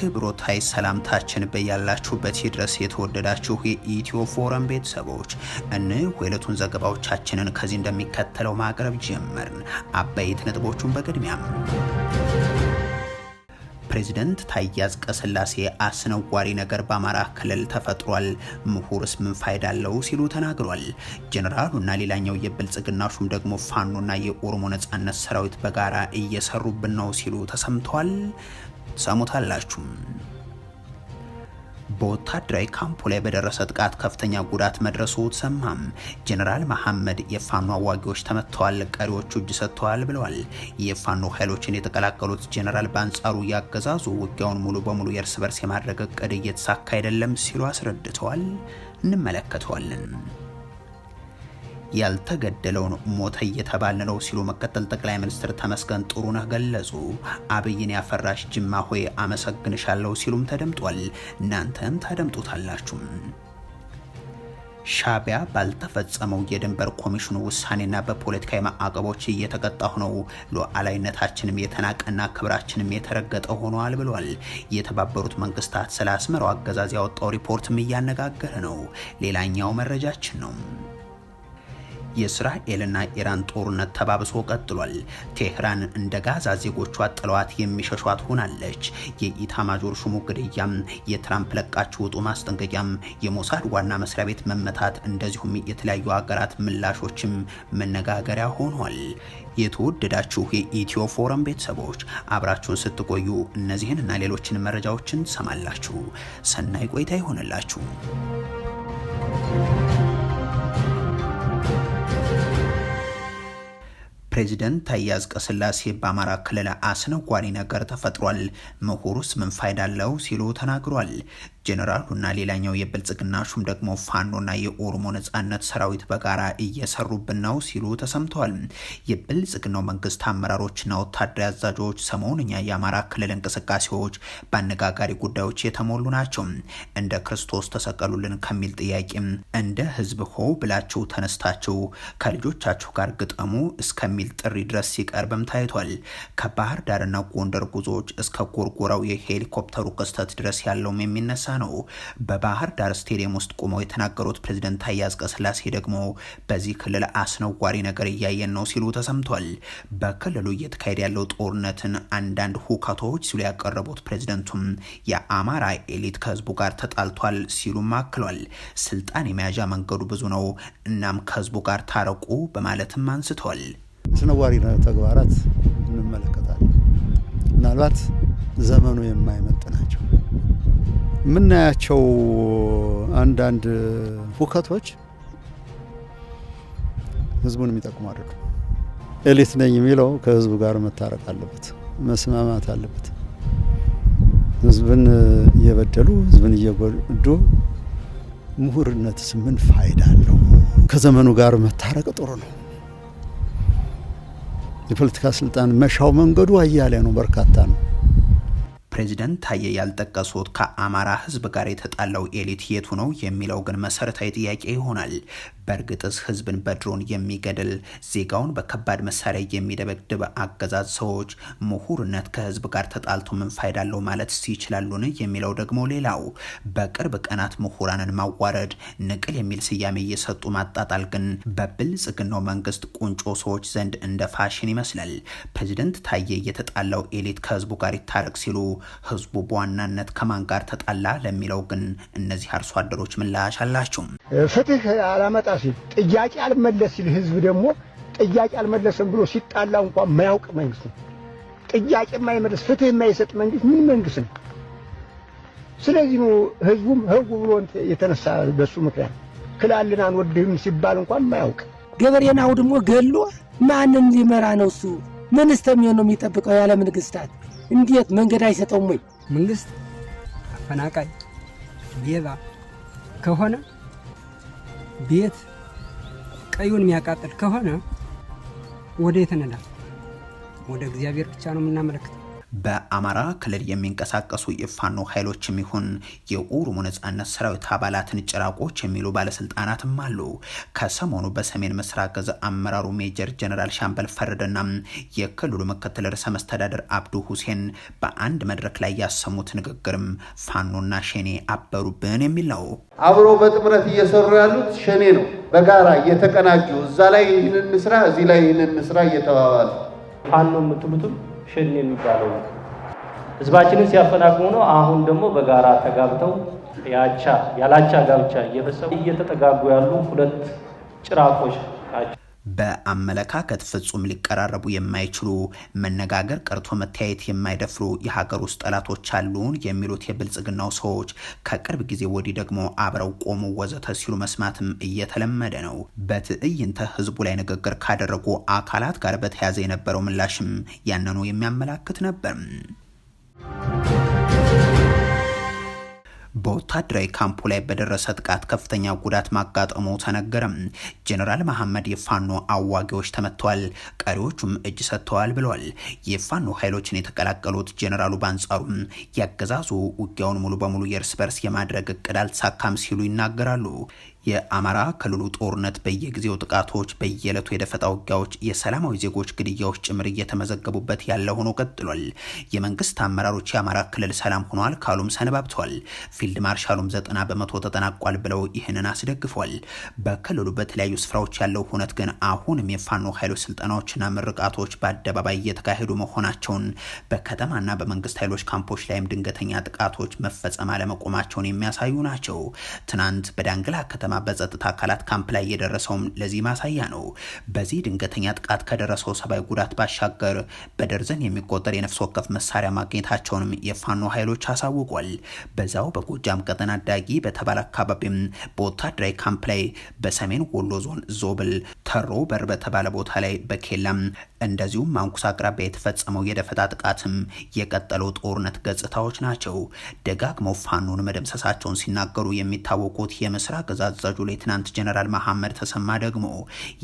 አክብሮታይ ሰላምታችን በያላችሁበት ይድረስ። የተወደዳችሁ የኢትዮ ፎረም ቤተሰቦች እነሆ የዕለቱን ዘገባዎቻችንን ከዚህ እንደሚከተለው ማቅረብ ጀመርን። አበይት ነጥቦቹን በቅድሚያም ፕሬዚደንት ታዬ አጽቀሥላሴ አስነዋሪ ነገር በአማራ ክልል ተፈጥሯል፣ ምሁርስ ምን ፋይዳ አለው ሲሉ ተናግሯል። ጀኔራሉና ሌላኛው የብልጽግና ሹም ደግሞ ፋኖና የኦሮሞ ነጻነት ሰራዊት በጋራ እየሰሩብን ነው ሲሉ ተሰምተዋል። ትሰሙታላችሁ። በወታደራዊ ካምፑ ላይ በደረሰ ጥቃት ከፍተኛ ጉዳት መድረሱ ሰማም። ጀነራል መሐመድ የፋኖ አዋጊዎች ተመትተዋል፣ ቀሪዎቹ እጅ ሰጥተዋል ብለዋል። የፋኖ ኃይሎችን የተቀላቀሉት ጀነራል በአንጻሩ ያገዛዙ ውጊያውን ሙሉ በሙሉ የእርስ በርስ የማድረግ እቅድ እየተሳካ አይደለም ሲሉ አስረድተዋል። እንመለከተዋለን። ያልተገደለውን ሞተ እየተባለ ነው ሲሉ መከተል ጠቅላይ ሚኒስትር ተመስገን ጥሩነህ ገለጹ። አብይን ያፈራሽ ጅማ ሆይ አመሰግንሻለሁ ሲሉም ተደምጧል። እናንተም ታደምጡታላችሁ። ሻቢያ ባልተፈጸመው የድንበር ኮሚሽኑ ውሳኔና በፖለቲካዊ ማዕቀቦች እየተቀጣሁ ነው፣ ሉዓላዊነታችንም የተናቀና ክብራችንም የተረገጠ ሆኗል ብሏል። የተባበሩት መንግስታት ስለ አስመራው አገዛዝ ያወጣው ሪፖርትም እያነጋገረ ነው። ሌላኛው መረጃችን ነው። የእስራኤልና ኢራን ጦርነት ተባብሶ ቀጥሏል። ቴህራን እንደ ጋዛ ዜጎቿ ጥለዋት የሚሸሿት ሆናለች። የኢታማጆር ሹሙ ግድያም፣ የትራምፕ ለቃችሁ ውጡ ማስጠንቀቂያም፣ የሞሳድ ዋና መስሪያ ቤት መመታት፣ እንደዚሁም የተለያዩ ሀገራት ምላሾችም መነጋገሪያ ሆኗል። የተወደዳችሁ የኢትዮ ፎረም ቤተሰቦች አብራችሁን ስትቆዩ እነዚህን እና ሌሎችን መረጃዎችን ሰማላችሁ። ሰናይ ቆይታ ይሆንላችሁ። ፕሬዚደንት ታዬ አጽቀሥላሴ በአማራ ክልል አስነጓሪ ነገር ተፈጥሯል፣ ምሁሩስ ምን ፋይዳ አለው ሲሉ ተናግሯል። ጄኔራሉና ሌላኛው የብልጽግና ሹም ደግሞ ፋኖና የኦሮሞ ነጻነት ሰራዊት በጋራ እየሰሩብን ነው ሲሉ ተሰምተዋል። የብልጽግናው መንግስት አመራሮችና ወታደራዊ አዛዦች ሰሞንኛ የአማራ ክልል እንቅስቃሴዎች በአነጋጋሪ ጉዳዮች የተሞሉ ናቸው። እንደ ክርስቶስ ተሰቀሉልን ከሚል ጥያቄም እንደ ህዝብ ሆ ብላችሁ ተነስታችሁ ከልጆቻችሁ ጋር ግጠሙ እስከሚል ጥሪ ድረስ ሲቀርብም ታይቷል። ከባህር ዳርና ጎንደር ጉዞዎች እስከ ጎርጎራው የሄሊኮፕተሩ ክስተት ድረስ ያለውም የሚነሳ ነው። በባህር ዳር ስቴዲየም ውስጥ ቆመው የተናገሩት ፕሬዚደንት ታዬ አጽቀሥላሴ ደግሞ በዚህ ክልል አስነዋሪ ነገር እያየን ነው ሲሉ ተሰምቷል። በክልሉ እየተካሄደ ያለው ጦርነትን አንዳንድ ሁከቶች ሲሉ ያቀረቡት ፕሬዚደንቱም የአማራ ኤሊት ከህዝቡ ጋር ተጣልቷል ሲሉም አክሏል። ስልጣን የመያዣ መንገዱ ብዙ ነው፣ እናም ከህዝቡ ጋር ታረቁ በማለትም አንስተዋል። አስነዋሪ ተግባራት እንመለከታለን። ምናልባት ዘመኑ የማይመጥ ናቸው። የምናያቸው አንዳንድ ሁከቶች ህዝቡን የሚጠቅሙ አደሉ። ኤሊት ነኝ የሚለው ከህዝቡ ጋር መታረቅ አለበት፣ መስማማት አለበት። ህዝብን እየበደሉ ህዝብን እየጎዱ ምሁርነትስ ምን ፋይዳ አለው? ከዘመኑ ጋር መታረቅ ጥሩ ነው። የፖለቲካ ስልጣን መሻው መንገዱ አያሌ ነው፣ በርካታ ነው። ፕሬዚደንት ታዬ ያልጠቀሱት ከአማራ ህዝብ ጋር የተጣላው ኤሊት የቱ ነው የሚለው ግን መሰረታዊ ጥያቄ ይሆናል። በእርግጥስ ህዝብን በድሮን የሚገድል ዜጋውን በከባድ መሳሪያ የሚደበድብ አገዛዝ ሰዎች ምሁርነት ከህዝብ ጋር ተጣልቶ ምን ፋይዳ አለው ማለት ይችላሉን የሚለው ደግሞ ሌላው። በቅርብ ቀናት ምሁራንን ማዋረድ ንቅል የሚል ስያሜ እየሰጡ ማጣጣል ግን በብልጽግናው መንግስት ቁንጮ ሰዎች ዘንድ እንደ ፋሽን ይመስላል። ፕሬዚደንት ታዬ የተጣላው ኤሊት ከህዝቡ ጋር ይታረቅ ሲሉ ህዝቡ በዋናነት ከማን ጋር ተጣላ ለሚለው ግን እነዚህ አርሶ አደሮች ምላሽ አላቸው። ፍትህ አላመጣ ሲል ጥያቄ አልመለስ ሲል ህዝብ ደግሞ ጥያቄ አልመለስም ብሎ ሲጣላ እንኳ የማያውቅ መንግስት ነው። ጥያቄ የማይመለስ ፍትህ የማይሰጥ መንግስት ምን መንግስት ነው? ስለዚህ ነው ህዝቡም ህጉ ብሎ የተነሳ በሱ ምክንያት ክላልን አንወድህም ሲባል እንኳን ማያውቅ ገበሬን ደግሞ ገሎ ማንን ሊመራ ነው? እሱ ምን እስተሚሆን ነው የሚጠብቀው? ያለ መንግስታት እንዴት መንገድ አይሰጠውም ወይ? መንግስት አፈናቃይ ሌባ ከሆነ ቤት ቀዩን የሚያቃጥል ከሆነ ወደ የት እንላለን? ወደ እግዚአብሔር ብቻ ነው የምናመለክተው። በአማራ ክልል የሚንቀሳቀሱ የፋኖ ኃይሎች የሚሆን የኦሮሞ ነጻነት ሰራዊት አባላትን ጭራቆች የሚሉ ባለስልጣናትም አሉ። ከሰሞኑ በሰሜን ምስራቅ እዝ አመራሩ ሜጀር ጀነራል ሻምበል ፈረደና የክልሉ ምክትል ርዕሰ መስተዳደር አብዱ ሁሴን በአንድ መድረክ ላይ ያሰሙት ንግግርም ፋኖና ሸኔ አበሩብን የሚል ነው። አብሮ በጥምረት እየሰሩ ያሉት ሸኔ ነው። በጋራ እየተቀናጁ እዛ ላይ ይህንን ስራ፣ እዚህ ላይ ይህንን ስራ እየተባባሉ ፋኖ የምትሉትም ሸኔ የሚባለው ህዝባችንን ሲያፈናቅሙ ነው። አሁን ደግሞ በጋራ ተጋብተው ያቻ ያላቻ ጋብቻ እየፈሰሙ እየተጠጋጉ ያሉ ሁለት ጭራቆች ናቸው። በአመለካከት ፍጹም ሊቀራረቡ የማይችሉ መነጋገር ቀርቶ መተያየት የማይደፍሩ የሀገር ውስጥ ጠላቶች አሉን የሚሉት የብልጽግናው ሰዎች ከቅርብ ጊዜ ወዲህ ደግሞ አብረው ቆሙ ወዘተ ሲሉ መስማትም እየተለመደ ነው። በትዕይንተ ህዝቡ ላይ ንግግር ካደረጉ አካላት ጋር በተያያዘ የነበረው ምላሽም ያንኑ የሚያመላክት ነበር። በወታደራዊ ካምፑ ላይ በደረሰ ጥቃት ከፍተኛ ጉዳት ማጋጠሙ ተነገረም። ጀኔራል መሐመድ የፋኖ አዋጊዎች ተመጥተዋል ቀሪዎቹም እጅ ሰጥተዋል ብለዋል። የፋኖ ኃይሎችን የተቀላቀሉት ጀኔራሉ በአንጻሩም ያገዛዙ ውጊያውን ሙሉ በሙሉ የእርስ በርስ የማድረግ እቅድ አልተሳካም ሲሉ ይናገራሉ። የአማራ ክልሉ ጦርነት በየጊዜው ጥቃቶች፣ በየዕለቱ የደፈጣ ውጊያዎች፣ የሰላማዊ ዜጎች ግድያዎች ጭምር እየተመዘገቡበት ያለ ሆኖ ቀጥሏል። የመንግስት አመራሮች የአማራ ክልል ሰላም ሆኗል ካሉም ሰነባብተዋል። ፊልድ ማርሻሉም ዘጠና በመቶ ተጠናቋል ብለው ይህንን አስደግፏል። በክልሉ በተለያዩ ስፍራዎች ያለው ሁነት ግን አሁንም የፋኖ ኃይሎች ስልጠናዎችና ምርቃቶች በአደባባይ እየተካሄዱ መሆናቸውን፣ በከተማና በመንግስት ኃይሎች ካምፖች ላይም ድንገተኛ ጥቃቶች መፈጸም አለመቆማቸውን የሚያሳዩ ናቸው። ትናንት በዳንግላ ከተማ በጸጥታ አካላት ካምፕ ላይ የደረሰውም ለዚህ ማሳያ ነው። በዚህ ድንገተኛ ጥቃት ከደረሰው ሰብአዊ ጉዳት ባሻገር በደርዘን የሚቆጠር የነፍስ ወከፍ መሳሪያ ማግኘታቸውንም የፋኖ ኃይሎች አሳውቋል። በዛው በጎጃም ቀጠና ዳጊ በተባለ አካባቢም በወታደራዊ ካምፕ ላይ በሰሜን ወሎ ዞን ዞብል ተሮ በር በተባለ ቦታ ላይ በኬላም እንደዚሁም ማንኩስ አቅራቢያ የተፈጸመው የደፈጣ ጥቃትም የቀጠለው ጦርነት ገጽታዎች ናቸው። ደጋግመው ፋኖን መደምሰሳቸውን ሲናገሩ የሚታወቁት የምስራቅ እዝ አዛዡ ሌትናንት ጀነራል መሐመድ ተሰማ ደግሞ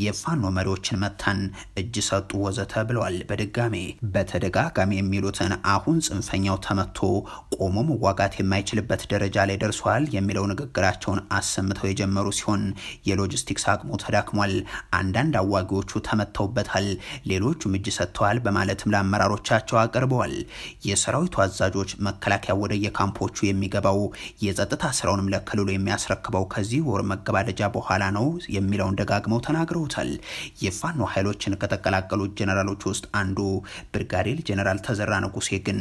የፋኖ መሪዎችን መታን፣ እጅ ሰጡ፣ ወዘተ ብለዋል። በድጋሜ በተደጋጋሚ የሚሉትን አሁን ጽንፈኛው ተመቶ ቆሞ መዋጋት የማይችልበት ደረጃ ላይ ደርሷል የሚለው ንግግራቸውን አሰምተው የጀመሩ ሲሆን የሎጂስቲክስ አቅሙ ተዳክሟል፣ አንዳንድ አዋጊዎቹ ተመተውበታል፣ ሌሎ ኃይሎቹም እጅ ሰጥተዋል በማለትም ለአመራሮቻቸው አቅርበዋል። የሰራዊቱ አዛዦች መከላከያ ወደ የካምፖቹ የሚገባው የጸጥታ ስራውንም ለክልሉ የሚያስረክበው ከዚህ ወር መገባደጃ በኋላ ነው የሚለውን ደጋግመው ተናግረውታል። የፋኖ ኃይሎችን ከተቀላቀሉት ጀነራሎች ውስጥ አንዱ ብርጋዴር ጀነራል ተዘራ ንጉሴ ግን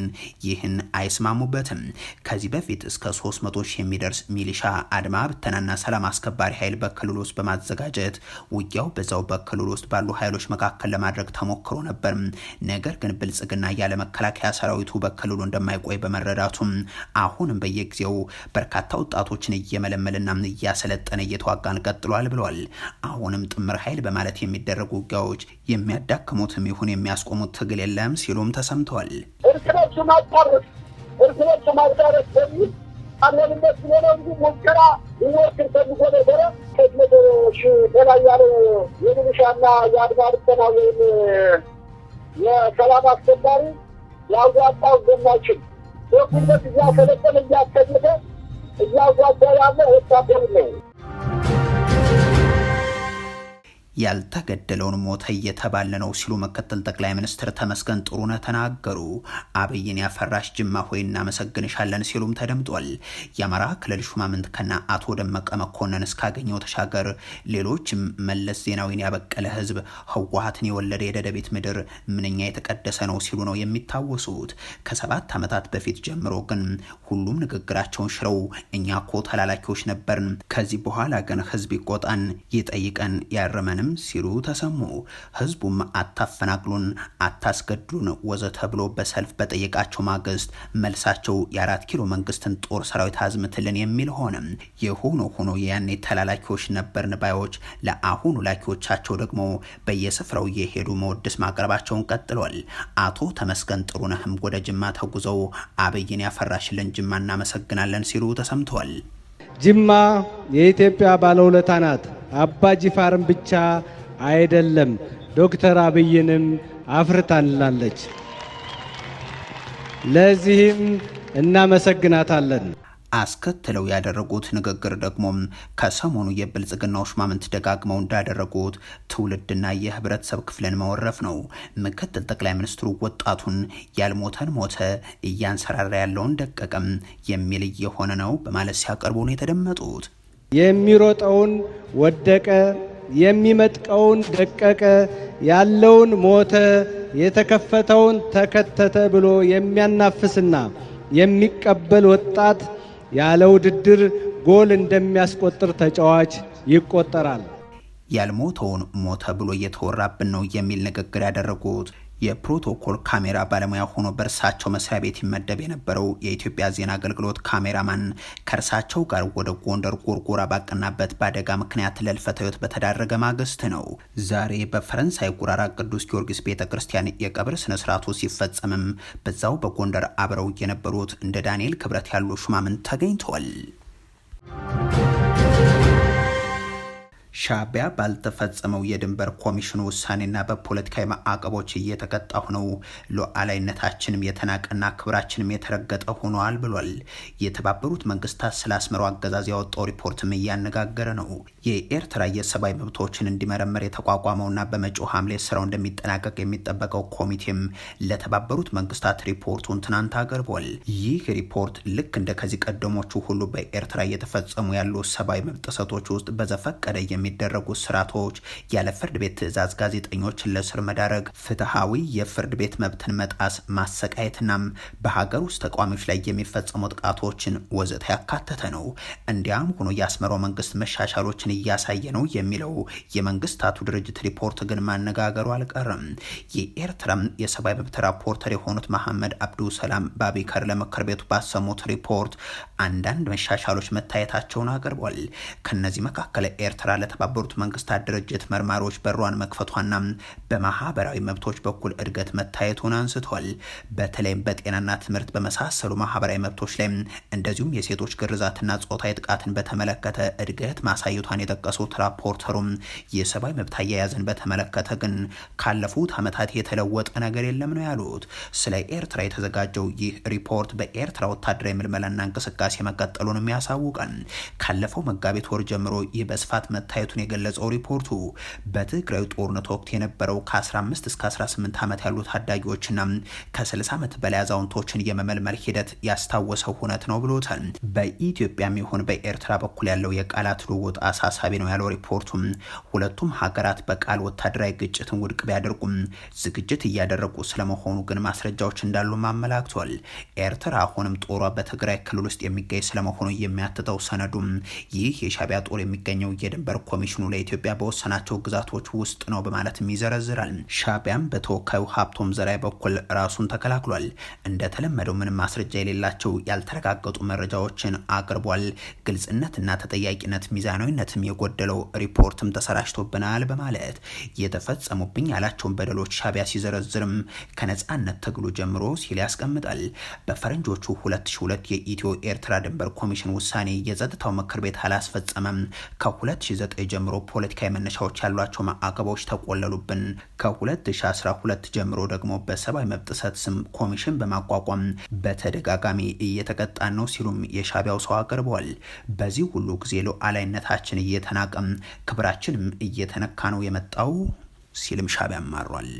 ይህን አይስማሙበትም። ከዚህ በፊት እስከ 300 ሺህ የሚደርስ ሚሊሻ አድማ ብተናና ሰላም አስከባሪ ኃይል በክልሉ ውስጥ በማዘጋጀት ውጊያው በዛው በክልሉ ውስጥ ባሉ ኃይሎች መካከል ለማድረግ ተሞ ሞክሮ ነበር። ነገር ግን ብልጽግና ያለ መከላከያ ሰራዊቱ በክልሉ እንደማይቆይ በመረዳቱም አሁንም በየጊዜው በርካታ ወጣቶችን እየመለመልና እያሰለጠነ እየተዋጋን ቀጥሏል ብሏል። አሁንም ጥምር ኃይል በማለት የሚደረጉ ውጊያዎች የሚያዳክሙትም ይሁን የሚያስቆሙት ትግል የለም ሲሉም ተሰምተዋል። እርስ በርሱ ማጣረስ እርስ በርሱ ማጣረስ በሚል አለንበት ብሎ እንጂ ሙከራ ሊሞክር ፈልጎ ነበረ። ከመቶ ሺህ በላይ ያለው የሚሊሻና የአድማ ብተና ወይም የሰላም አስከባሪ ያዋጣው ዘማችን በኩልበት እያሰለጠነ እያሰለጠነ እያዋጋ ያለ ወታደር ነው። ያልተገደለውን ሞተ እየተባለ ነው ሲሉ ምክትል ጠቅላይ ሚኒስትር ተመስገን ጥሩነህ ተናገሩ። አብይን ያፈራሽ ጅማ ሆይ እናመሰግንሻለን ሲሉም ተደምጧል። የአማራ ክልል ሹማምንት ከና አቶ ደመቀ መኮንን እስካገኘው ተሻገር ሌሎችም መለስ ዜናዊን ያበቀለ ህዝብ ህወሀትን የወለደ የደደቤት ምድር ምንኛ የተቀደሰ ነው ሲሉ ነው የሚታወሱት። ከሰባት ዓመታት በፊት ጀምሮ ግን ሁሉም ንግግራቸውን ሽረው እኛ ኮ ተላላኪዎች ነበርን፣ ከዚህ በኋላ ግን ህዝብ ይቆጣን፣ ይጠይቀን፣ ያርመንም የለንም ሲሉ ተሰሙ። ህዝቡም አታፈናቅሉን፣ አታስገድሉን ወዘ ተብሎ በሰልፍ በጠየቃቸው ማግስት መልሳቸው የአራት ኪሎ መንግስትን ጦር ሰራዊት አዝምትልን የሚል ሆነ። የሆኖ ሆኖ የያኔ ተላላኪዎች ነበርን ባዮች ለአሁኑ ላኪዎቻቸው ደግሞ በየስፍራው እየሄዱ መወድስ ማቅረባቸውን ቀጥሏል። አቶ ተመስገን ጥሩነህም ወደ ጅማ ተጉዘው አብይን ያፈራሽልን ጅማ እናመሰግናለን ሲሉ ተሰምተዋል። ጅማ የኢትዮጵያ ባለውለታ ናት። አባጅፋርን ብቻ አይደለም ዶክተር አብይንም አፍርታላለች። ለዚህም እናመሰግናታለን። አስከትለው ያደረጉት ንግግር ደግሞ ከሰሞኑ የብልጽግናው ሹማምንት ደጋግመው እንዳደረጉት ትውልድና የህብረተሰብ ክፍልን መወረፍ ነው። ምክትል ጠቅላይ ሚኒስትሩ ወጣቱን ያልሞተን ሞተ እያንሰራራ ያለውን ደቀቀም የሚል እየሆነ ነው በማለት ሲያቀርቡ ነው የተደመጡት። የሚሮጠውን ወደቀ፣ የሚመጥቀውን ደቀቀ፣ ያለውን ሞተ፣ የተከፈተውን ተከተተ ብሎ የሚያናፍስና የሚቀበል ወጣት ያለ ውድድር ጎል እንደሚያስቆጥር ተጫዋች ይቆጠራል። ያልሞተውን ሞተ ብሎ እየተወራብን ነው የሚል ንግግር ያደረጉት የፕሮቶኮል ካሜራ ባለሙያ ሆኖ በእርሳቸው መስሪያ ቤት ይመደብ የነበረው የኢትዮጵያ ዜና አገልግሎት ካሜራማን ከእርሳቸው ጋር ወደ ጎንደር ጎርጎራ ባቀናበት በአደጋ ምክንያት ለህልፈተ ሕይወት በተዳረገ ማግስት ነው። ዛሬ በፈረንሳይ ጉራራ ቅዱስ ጊዮርጊስ ቤተ ክርስቲያን የቀብር ስነስርዓቱ ሲፈጸምም በዛው በጎንደር አብረው የነበሩት እንደ ዳንኤል ክብረት ያሉ ሹማምንት ተገኝተዋል። ሻቢያ ባልተፈጸመው የድንበር ኮሚሽኑ ውሳኔና በፖለቲካዊ ማዕቀቦች እየተቀጣሁ ነው፣ ሉዓላዊነታችንም የተናቀና ክብራችንም የተረገጠ ሆኗል ብሏል። የተባበሩት መንግስታት ስለ አስመራው አገዛዝ ያወጣው ሪፖርትም እያነጋገረ ነው። የኤርትራ የሰብአዊ መብቶችን እንዲመረመር የተቋቋመውና በመጪው ሐምሌ ስራው እንደሚጠናቀቅ የሚጠበቀው ኮሚቴም ለተባበሩት መንግስታት ሪፖርቱን ትናንት አቅርቧል። ይህ ሪፖርት ልክ እንደ ከዚህ ቀደሞቹ ሁሉ በኤርትራ እየተፈጸሙ ያሉ ሰብአዊ መብት ጥሰቶች ውስጥ በዘፈቀደ የሚደረጉ ስርዓቶች ያለ ፍርድ ቤት ትዕዛዝ ጋዜጠኞችን ለስር መዳረግ፣ ፍትሐዊ የፍርድ ቤት መብትን መጣስ፣ ማሰቃየትናም በሀገር ውስጥ ተቋሚዎች ላይ የሚፈጸሙ ጥቃቶችን ወዘተ ያካተተ ነው። እንዲያም ሆኖ የአስመራው መንግስት መሻሻሎችን እያሳየ ነው የሚለው የመንግስታቱ ድርጅት ሪፖርት ግን ማነጋገሩ አልቀርም። የኤርትራ የሰብአዊ መብት ራፖርተር የሆኑት መሐመድ አብዱ ሰላም ባቢከር ለምክር ቤቱ ባሰሙት ሪፖርት አንዳንድ መሻሻሎች መታየታቸውን አቅርቧል። ከነዚህ መካከል ኤርትራ ለ የተባበሩት መንግስታት ድርጅት መርማሪዎች በሯን መክፈቷና በማህበራዊ መብቶች በኩል እድገት መታየቱን አንስቷል። በተለይም በጤናና ትምህርት በመሳሰሉ ማህበራዊ መብቶች ላይ እንደዚሁም የሴቶች ግርዛትና ጾታዊ ጥቃትን በተመለከተ እድገት ማሳየቷን የጠቀሱት ራፖርተሩም የሰብአዊ መብት አያያዝን በተመለከተ ግን ካለፉት ዓመታት የተለወጠ ነገር የለም ነው ያሉት። ስለ ኤርትራ የተዘጋጀው ይህ ሪፖርት በኤርትራ ወታደራዊ ምልመላና እንቅስቃሴ መቀጠሉንም ያሳውቃል። ካለፈው መጋቢት ወር ጀምሮ ይህ በስፋት መታየ መታየቱን የገለጸው ሪፖርቱ በትግራዩ ጦርነት ወቅት የነበረው ከ15 እስከ 18 ዓመት ያሉ ታዳጊዎችና ከ60 ዓመት በላይ አዛውንቶችን የመመልመል ሂደት ያስታወሰው ሁነት ነው ብሎታል። በኢትዮጵያም ይሁን በኤርትራ በኩል ያለው የቃላት ልውውጥ አሳሳቢ ነው ያለው ሪፖርቱም ሁለቱም ሀገራት በቃል ወታደራዊ ግጭትን ውድቅ ቢያደርጉም ዝግጅት እያደረጉ ስለመሆኑ ግን ማስረጃዎች እንዳሉ አመላክቷል። ኤርትራ አሁንም ጦሯ በትግራይ ክልል ውስጥ የሚገኝ ስለመሆኑ የሚያትተው ሰነዱም ይህ የሻቢያ ጦር የሚገኘው የድንበር ኮሚሽኑ ለኢትዮጵያ በወሰናቸው ግዛቶች ውስጥ ነው በማለትም ይዘረዝራል። ሻቢያም በተወካዩ ሀብቶም ዘራይ በኩል ራሱን ተከላክሏል። እንደተለመደው ምንም ማስረጃ የሌላቸው ያልተረጋገጡ መረጃዎችን አቅርቧል። ግልጽነትና ተጠያቂነት፣ ሚዛናዊነትም የጎደለው ሪፖርትም ተሰራጭቶብናል በማለት የተፈጸሙብኝ ያላቸውን በደሎች ሻቢያ ሲዘረዝርም ከነጻነት ትግሉ ጀምሮ ሲል ያስቀምጣል። በፈረንጆቹ 2002 የኢትዮ ኤርትራ ድንበር ኮሚሽን ውሳኔ የጸጥታው ምክር ቤት አላስፈጸመም። ከ2009 2009 ጀምሮ ፖለቲካዊ መነሻዎች ያሏቸው ማዕቀቦች ተቆለሉብን። ከ2012 ጀምሮ ደግሞ በሰብአዊ መብት ጥሰት ስም ኮሚሽን በማቋቋም በተደጋጋሚ እየተቀጣን ነው ሲሉም የሻቢያው ሰው አቅርበዋል። በዚህ ሁሉ ጊዜ ሉዓላዊነታችን እየተናቀም ክብራችንም እየተነካ ነው የመጣው ሲልም ሻቢያ አማሯል።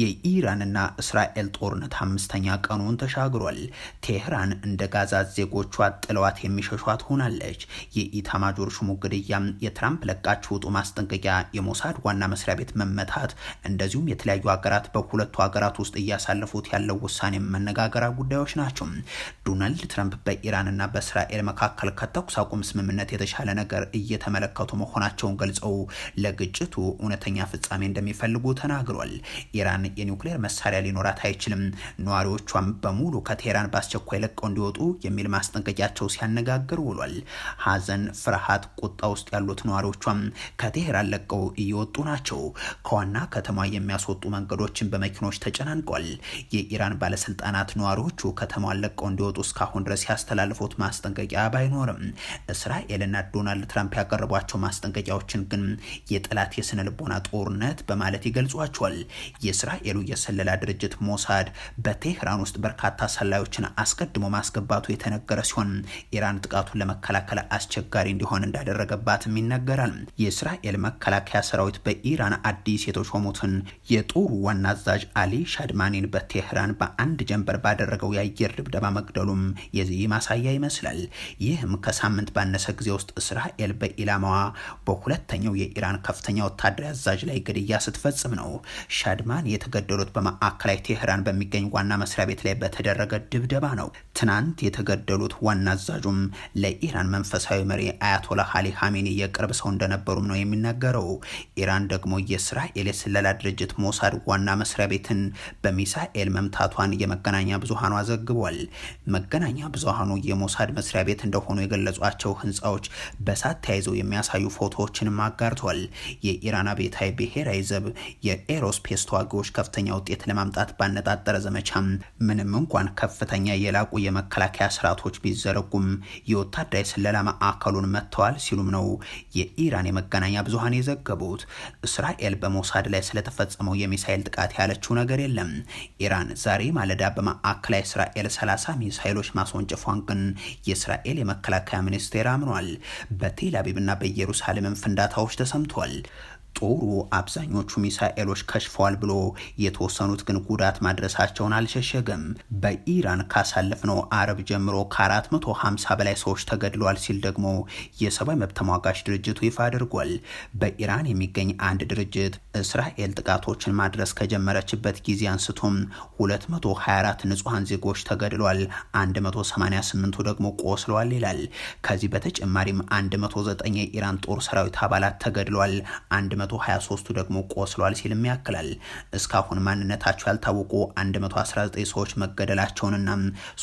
የኢራንና እስራኤል ጦርነት አምስተኛ ቀኑን ተሻግሯል። ቴህራን እንደ ጋዛ ዜጎቿ ጥለዋት የሚሸሿት ሆናለች። የኢታማጆር ሹሙ ግድያም፣ የትራምፕ ለቃች ውጡ ማስጠንቀቂያ፣ የሞሳድ ዋና መስሪያ ቤት መመታት፣ እንደዚሁም የተለያዩ ሀገራት በሁለቱ ሀገራት ውስጥ እያሳለፉት ያለው ውሳኔ መነጋገሪያ ጉዳዮች ናቸው። ዶናልድ ትራምፕ በኢራንና በእስራኤል መካከል ከተኩስ አቁም ስምምነት የተሻለ ነገር እየተመለከቱ መሆናቸውን ገልጸው ለግጭቱ እውነተኛ ፍጻሜ እንደሚፈልጉ ተናግሯል። ኢራን ኢራን የኒውክሌር መሳሪያ ሊኖራት አይችልም፣ ነዋሪዎቿም በሙሉ ከቴህራን በአስቸኳይ ለቀው እንዲወጡ የሚል ማስጠንቀቂያቸው ሲያነጋግር ውሏል። ሀዘን ፍርሃት፣ ቁጣ ውስጥ ያሉት ነዋሪዎቿም ከቴህራን ለቀው እየወጡ ናቸው። ከዋና ከተማ የሚያስወጡ መንገዶችን በመኪኖች ተጨናንቀዋል። የኢራን ባለስልጣናት ነዋሪዎቹ ከተማዋን ለቀው እንዲወጡ እስካሁን ድረስ ያስተላልፉት ማስጠንቀቂያ ባይኖርም እስራኤልና ዶናልድ ትራምፕ ያቀረቧቸው ማስጠንቀቂያዎችን ግን የጠላት የስነ ልቦና ጦርነት በማለት ይገልጿቸዋል። የእስራኤሉ የስለላ ድርጅት ሞሳድ በቴህራን ውስጥ በርካታ ሰላዮችን አስቀድሞ ማስገባቱ የተነገረ ሲሆን ኢራን ጥቃቱን ለመከላከል አስቸጋሪ እንዲሆን እንዳደረገባትም ይነገራል። የእስራኤል መከላከያ ሰራዊት በኢራን አዲስ የተሾሙትን የጦሩ ዋና አዛዥ አሊ ሻድማኒን በቴህራን በአንድ ጀንበር ባደረገው የአየር ድብደባ መግደሉም የዚህ ማሳያ ይመስላል። ይህም ከሳምንት ባነሰ ጊዜ ውስጥ እስራኤል በኢላማዋ በሁለተኛው የኢራን ከፍተኛ ወታደራዊ አዛዥ ላይ ግድያ ስትፈጽም ነው። ሻድማን የተገደሉት በማዕከላዊ ቴህራን በሚገኝ ዋና መስሪያ ቤት ላይ በተደረገ ድብደባ ነው። ትናንት የተገደሉት ዋና አዛዡም ለኢራን መንፈሳዊ መሪ አያቶላ አሊ ሀሜኒ የቅርብ ሰው እንደነበሩም ነው የሚነገረው። ኢራን ደግሞ የእስራኤል የስለላ ድርጅት ሞሳድ ዋና መስሪያ ቤትን በሚሳኤል መምታቷን የመገናኛ ብዙሃኑ አዘግቧል። መገናኛ ብዙሃኑ የሞሳድ መስሪያ ቤት እንደሆኑ የገለጿቸው ህንፃዎች በሳት ተያይዘው የሚያሳዩ ፎቶዎችንም አጋርቷል። የኢራን አብዮታዊ ብሔራዊ ዘብ የኤሮስፔስ ተዋጊዎች ከፍተኛ ውጤት ለማምጣት ባነጣጠረ ዘመቻ ምንም እንኳን ከፍተኛ የላቁ የመከላከያ ስርዓቶች ቢዘረጉም የወታደራዊ ስለላ ማዕከሉን መጥተዋል ሲሉም ነው የኢራን የመገናኛ ብዙሀን የዘገቡት። እስራኤል በሞሳድ ላይ ስለተፈጸመው የሚሳኤል ጥቃት ያለችው ነገር የለም። ኢራን ዛሬ ማለዳ በማዕከላዊ እስራኤል 30 ሚሳኤሎች ማስወንጭፏን ግን የእስራኤል የመከላከያ ሚኒስቴር አምኗል። በቴል አቪቭና በኢየሩሳሌምም ፍንዳታዎች ተሰምቷል። ጦሩ አብዛኞቹ ሚሳኤሎች ከሽፈዋል ብሎ የተወሰኑት ግን ጉዳት ማድረሳቸውን አልሸሸገም። በኢራን ካሳለፍነው አረብ ጀምሮ ከ450 በላይ ሰዎች ተገድለዋል ሲል ደግሞ የሰብአዊ መብት ተሟጋች ድርጅቱ ይፋ አድርጓል። በኢራን የሚገኝ አንድ ድርጅት እስራኤል ጥቃቶችን ማድረስ ከጀመረችበት ጊዜ አንስቶም 224 ንጹሐን ዜጎች ተገድሏል፣ 188ቱ ደግሞ ቆስለዋል ይላል። ከዚህ በተጨማሪም 109 የኢራን ጦር ሰራዊት አባላት ተገድሏል 123ቱ ደግሞ ቆስሏል ሲልም ያክላል። እስካሁን ማንነታቸው ያልታወቁ 119 ሰዎች መገደላቸውንና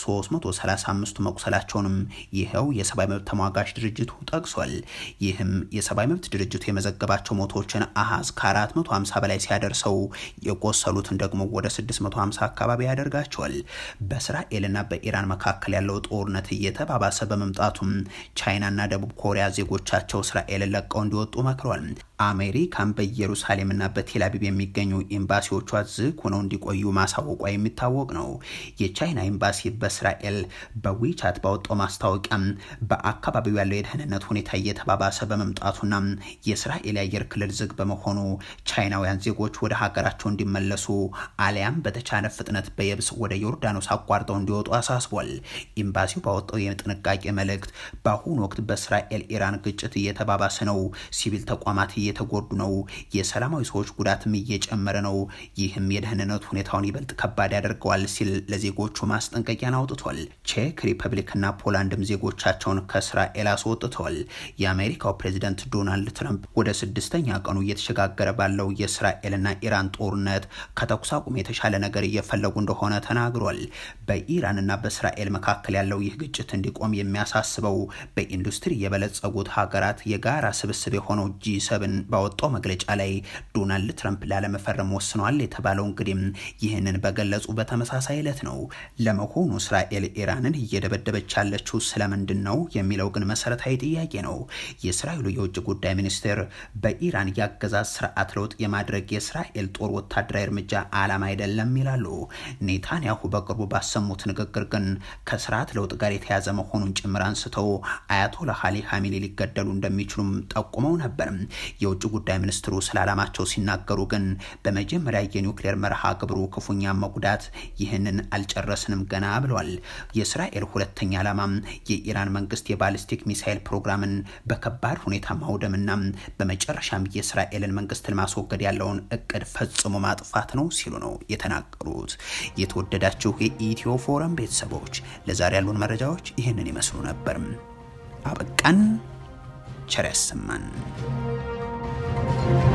335ቱ መቁሰላቸውንም ይኸው የሰብአዊ መብት ተሟጋች ድርጅቱ ጠቅሷል። ይህም የሰብአዊ መብት ድርጅቱ የመዘገባቸው ሞቶችን አሃዝ ከ450 በላይ ሲያደርሰው የቆሰሉትን ደግሞ ወደ 650 አካባቢ ያደርጋቸዋል። በእስራኤልና በኢራን መካከል ያለው ጦርነት እየተባባሰ በመምጣቱም ቻይናና ደቡብ ኮሪያ ዜጎቻቸው እስራኤልን ለቀው እንዲወጡ መክሯል። አሜሪካን በኢየሩሳሌምና በቴልአቪቭ የሚገኙ ኤምባሲዎቿ ዝግ ሆነው እንዲቆዩ ማሳወቋ የሚታወቅ ነው። የቻይና ኤምባሲ በእስራኤል በዊቻት ባወጣው ማስታወቂያ በአካባቢው ያለው የደህንነት ሁኔታ እየተባባሰ በመምጣቱና የእስራኤል የአየር ክልል ዝግ በመሆኑ ቻይናውያን ዜጎች ወደ ሀገራቸው እንዲመለሱ አሊያም በተቻለ ፍጥነት በየብስ ወደ ዮርዳኖስ አቋርጠው እንዲወጡ አሳስቧል። ኤምባሲው ባወጣው የጥንቃቄ መልእክት በአሁኑ ወቅት በእስራኤል ኢራን ግጭት እየተባባሰ ነው፣ ሲቪል ተቋማት እየተጎዱ ነው። የሰላማዊ ሰዎች ጉዳትም እየጨመረ ነው። ይህም የደህንነት ሁኔታውን ይበልጥ ከባድ ያደርገዋል ሲል ለዜጎቹ ማስጠንቀቂያን አውጥቷል። ቼክ ሪፐብሊክና ፖላንድም ዜጎቻቸውን ከእስራኤል አስወጥተዋል። የአሜሪካው ፕሬዚደንት ዶናልድ ትራምፕ ወደ ስድስተኛ ቀኑ እየተሸጋገረ ባለው የእስራኤልና ኢራን ጦርነት ከተኩስ አቁም የተሻለ ነገር እየፈለጉ እንደሆነ ተናግሯል። በኢራንና በእስራኤል መካከል ያለው ይህ ግጭት እንዲቆም የሚያሳስበው በኢንዱስትሪ የበለጸጉት ሀገራት የጋራ ስብስብ የሆነው ጂ ሰብን ባወጣው መግለጫ ላይ ዶናልድ ትራምፕ ላለመፈረም ወስነዋል የተባለው እንግዲህ ይህንን በገለጹ በተመሳሳይ ዕለት ነው። ለመሆኑ እስራኤል ኢራንን እየደበደበች ያለችው ስለምንድን ነው የሚለው ግን መሰረታዊ ጥያቄ ነው። የእስራኤሉ የውጭ ጉዳይ ሚኒስቴር በኢራን ያገዛዝ ስርዓት ለውጥ የማድረግ የእስራኤል ጦር ወታደራዊ እርምጃ ዓላማ አይደለም ይላሉ። ኔታንያሁ በቅርቡ ባሰሙት ንግግር ግን ከስርዓት ለውጥ ጋር የተያዘ መሆኑን ጭምር አንስተው አያቶላህ አሊ ሀሚኒ ሊገደሉ እንደሚችሉም ጠቁመው ነበር። የውጭ ጉዳይ ሚኒስትሩ ስለ ዓላማቸው ሲናገሩ ግን በመጀመሪያ የኒውክሌር መርሃ ግብሩ ክፉኛ መጉዳት ይህንን አልጨረስንም ገና ብለዋል። የእስራኤል ሁለተኛ ዓላማ የኢራን መንግስት የባሊስቲክ ሚሳይል ፕሮግራምን በከባድ ሁኔታ ማውደምና በመጨረሻም የእስራኤልን መንግስት ለማስወገድ ያለውን እቅድ ፈጽሞ ማጥፋት ነው ሲሉ ነው የተናገሩት። የተወደዳችሁ የኢትዮ ፎረም ቤተሰቦች ለዛሬ ያሉን መረጃዎች ይህንን ይመስሉ ነበር። አበቃን። ቸር ያሰማን። Thank you.